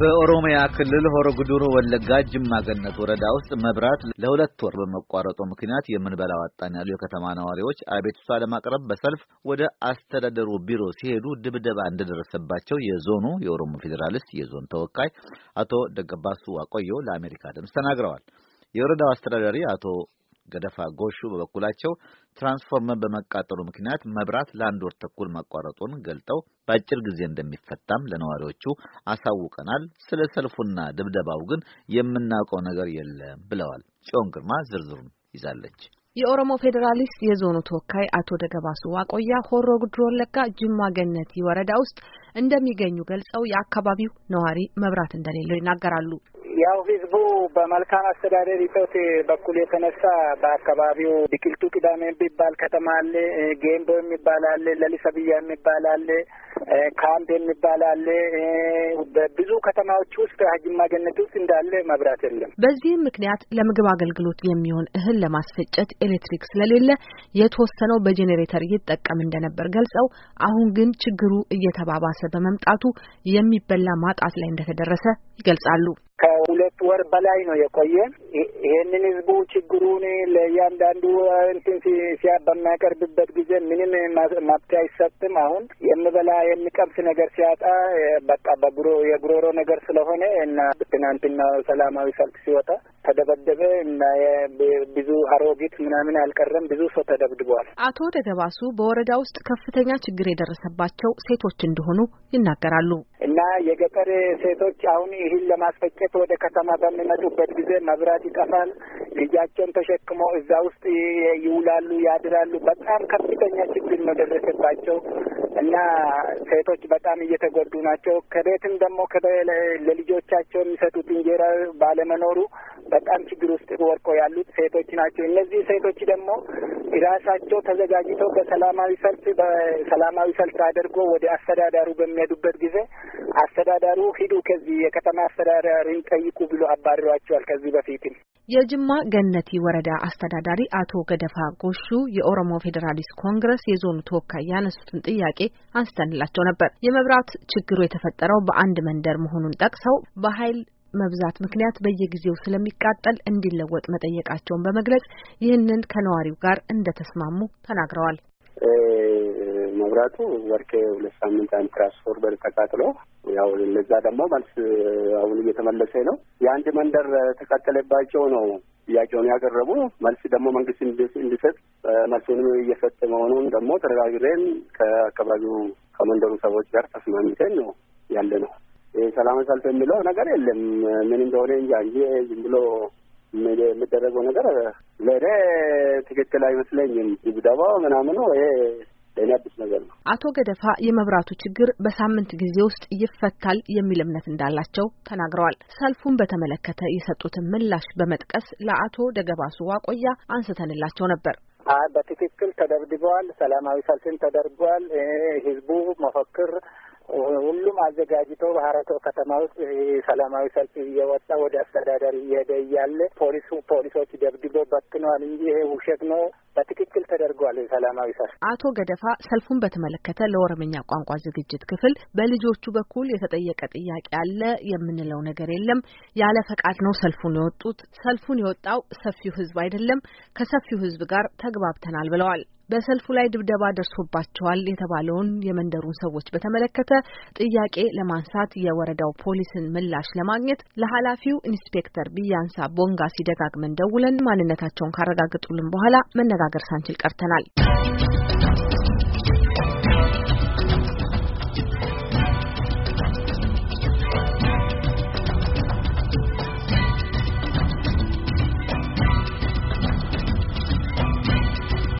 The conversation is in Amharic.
በኦሮሚያ ክልል ሆሮ ጉዱሩ ወለጋ ጅማ ገነት ወረዳ ውስጥ መብራት ለሁለት ወር በመቋረጡ ምክንያት የምንበላው አጣን ያሉ የከተማ ነዋሪዎች አቤቱታ ለማቅረብ በሰልፍ ወደ አስተዳደሩ ቢሮ ሲሄዱ ድብደባ እንደደረሰባቸው የዞኑ የኦሮሞ ፌዴራሊስት የዞን ተወካይ አቶ ደገባሱ አቆዮ ለአሜሪካ ድምፅ ተናግረዋል። የወረዳው አስተዳዳሪ አቶ ገደፋ ጎሹ በበኩላቸው ትራንስፎርመር በመቃጠሉ ምክንያት መብራት ለአንድ ወር ተኩል መቋረጡን ገልጠው በአጭር ጊዜ እንደሚፈታም ለነዋሪዎቹ አሳውቀናል። ስለ ሰልፉና ድብደባው ግን የምናውቀው ነገር የለም ብለዋል። ጽዮን ግርማ ዝርዝሩን ይዛለች። የኦሮሞ ፌዴራሊስት የዞኑ ተወካይ አቶ ደገባሱ ዋቆያ ሆሮ ጉድሮ ወለጋ ጅማ ገነቲ ወረዳ ውስጥ እንደሚገኙ ገልጸው የአካባቢው ነዋሪ መብራት እንደሌለው ይናገራሉ። ያው ህዝቡ በመልካም አስተዳደር እጦት በኩል የተነሳ በአካባቢው ቢቅልቱ ቅዳሜ የሚባል ከተማ አለ፣ ጌምቦ የሚባል አለ፣ ለሊሰብያ የሚባል አለ ካምፕ የሚባል አለ። በብዙ ከተማዎች ውስጥ ጅማ ገነት ውስጥ እንዳለ መብራት የለም። በዚህም ምክንያት ለምግብ አገልግሎት የሚሆን እህል ለማስፈጨት ኤሌክትሪክ ስለሌለ የተወሰነው በጄኔሬተር ይጠቀም እንደነበር ገልጸው፣ አሁን ግን ችግሩ እየተባባሰ በመምጣቱ የሚበላ ማጣት ላይ እንደተደረሰ ይገልጻሉ። ከሁለት ወር በላይ ነው የቆየ። ይህንን ህዝቡ ችግሩን ለእያንዳንዱ እንትን ሲያ በሚያቀርብበት ጊዜ ምንም መብት አይሰጥም። አሁን የምበላ የሚቀምስ ነገር ሲያጣ በቃ በጉሮ የጉሮሮ ነገር ስለሆነ እና ትናንትና ሰላማዊ ሰልፍ ሲወጣ ተደበደበ እና ብዙ አሮጊት ምናምን አልቀረም፣ ብዙ ሰው ተደብድቧል። አቶ ደገባሱ በወረዳ ውስጥ ከፍተኛ ችግር የደረሰባቸው ሴቶች እንደሆኑ ይናገራሉ። እና የገጠር ሴቶች አሁን ይህን ለማስፈጨት ወደ ከተማ በሚመጡበት ጊዜ መብራት ይጠፋል። ልጃቸውን ተሸክሞ እዛ ውስጥ ይውላሉ፣ ያድራሉ። በጣም ከፍተኛ ችግር ነው ደረሰባቸው። እና ሴቶች በጣም እየተጎዱ ናቸው። ከቤትም ደግሞ ለልጆቻቸው የሚሰጡት እንጀራ ባለመኖሩ በጣም ችግር ውስጥ ወድቆ ያሉት ሴቶች ናቸው። እነዚህ ሴቶች ደግሞ ራሳቸው ተዘጋጅተው በሰላማዊ ሰልፍ በሰላማዊ ሰልፍ አድርጎ ወደ አስተዳዳሩ በሚሄዱበት ጊዜ አስተዳዳሩ ሂዱ ከዚህ የከተማ አስተዳዳሪን ጠይቁ ብሎ አባርሯቸዋል። ከዚህ በፊትም የጅማ ገነቲ ወረዳ አስተዳዳሪ አቶ ገደፋ ጎሹ የኦሮሞ ፌዴራሊስት ኮንግረስ የዞኑ ተወካይ ያነሱትን ጥያቄ አንስተንላቸው ነበር። የመብራት ችግሩ የተፈጠረው በአንድ መንደር መሆኑን ጠቅሰው በኃይል መብዛት ምክንያት በየጊዜው ስለሚቃጠል እንዲለወጥ መጠየቃቸውን በመግለጽ ይህንን ከነዋሪው ጋር እንደተስማሙ ተናግረዋል። መብራቱ ወርቅ ሁለት ሳምንት አንድ ትራንስፎርመር ተቃጥሎ ያው ለዛ ደግሞ መልስ አሁን እየተመለሰ ነው። የአንድ መንደር ተቃጠለባቸው ነው ጥያቄውን ያቀረቡ መልስ ደግሞ መንግስት እንዲሰጥ መልሱንም እየሰጠ መሆኑን ደግሞ ተነጋግረን ከአካባቢው ከመንደሩ ሰዎች ጋር ተስማምተን ነው ያለ ነው። ሰላም ሰልፍ የሚለው ነገር የለም ምን እንደሆነ እንጃ እንጂ ዝም ብሎ የሚደረገው ነገር ለእኔ ትክክል አይመስለኝም። ድብደባ ምናምኑ ይሄ ለእኔ አዲስ ነገር ነው። አቶ ገደፋ የመብራቱ ችግር በሳምንት ጊዜ ውስጥ ይፈታል የሚል እምነት እንዳላቸው ተናግረዋል። ሰልፉን በተመለከተ የሰጡትን ምላሽ በመጥቀስ ለአቶ ደገባሱ ዋቆያ አንስተንላቸው ነበር። በትክክል ተደብድበዋል። ሰላማዊ ሰልፍም ተደርጓል። ህዝቡ መፈክር ሁሉም አዘጋጅቶ ባህረቶ ከተማ ውስጥ ሰላማዊ ሰልፍ እየወጣ ወደ አስተዳደር እየሄደ እያለ ፖሊሱ ፖሊሶች ደብድቦ በትነዋል እንጂ ይሄ ውሸት ነው። በትክክል ተደርጓል ሰላማዊ ሰልፍ። አቶ ገደፋ ሰልፉን በተመለከተ ለኦሮምኛ ቋንቋ ዝግጅት ክፍል በልጆቹ በኩል የተጠየቀ ጥያቄ አለ የምንለው ነገር የለም። ያለ ፈቃድ ነው ሰልፉን የወጡት። ሰልፉን የወጣው ሰፊው ህዝብ አይደለም። ከሰፊው ህዝብ ጋር ተግባብተናል ብለዋል። በሰልፉ ላይ ድብደባ ደርሶባቸዋል የተባለውን የመንደሩን ሰዎች በተመለከተ ጥያቄ ለማንሳት የወረዳው ፖሊስን ምላሽ ለማግኘት ለኃላፊው ኢንስፔክተር ብያንሳ ቦንጋ ሲደጋግመን ደውለን ማንነታቸውን ካረጋገጡልን በኋላ መነጋገር ሳንችል ቀርተናል።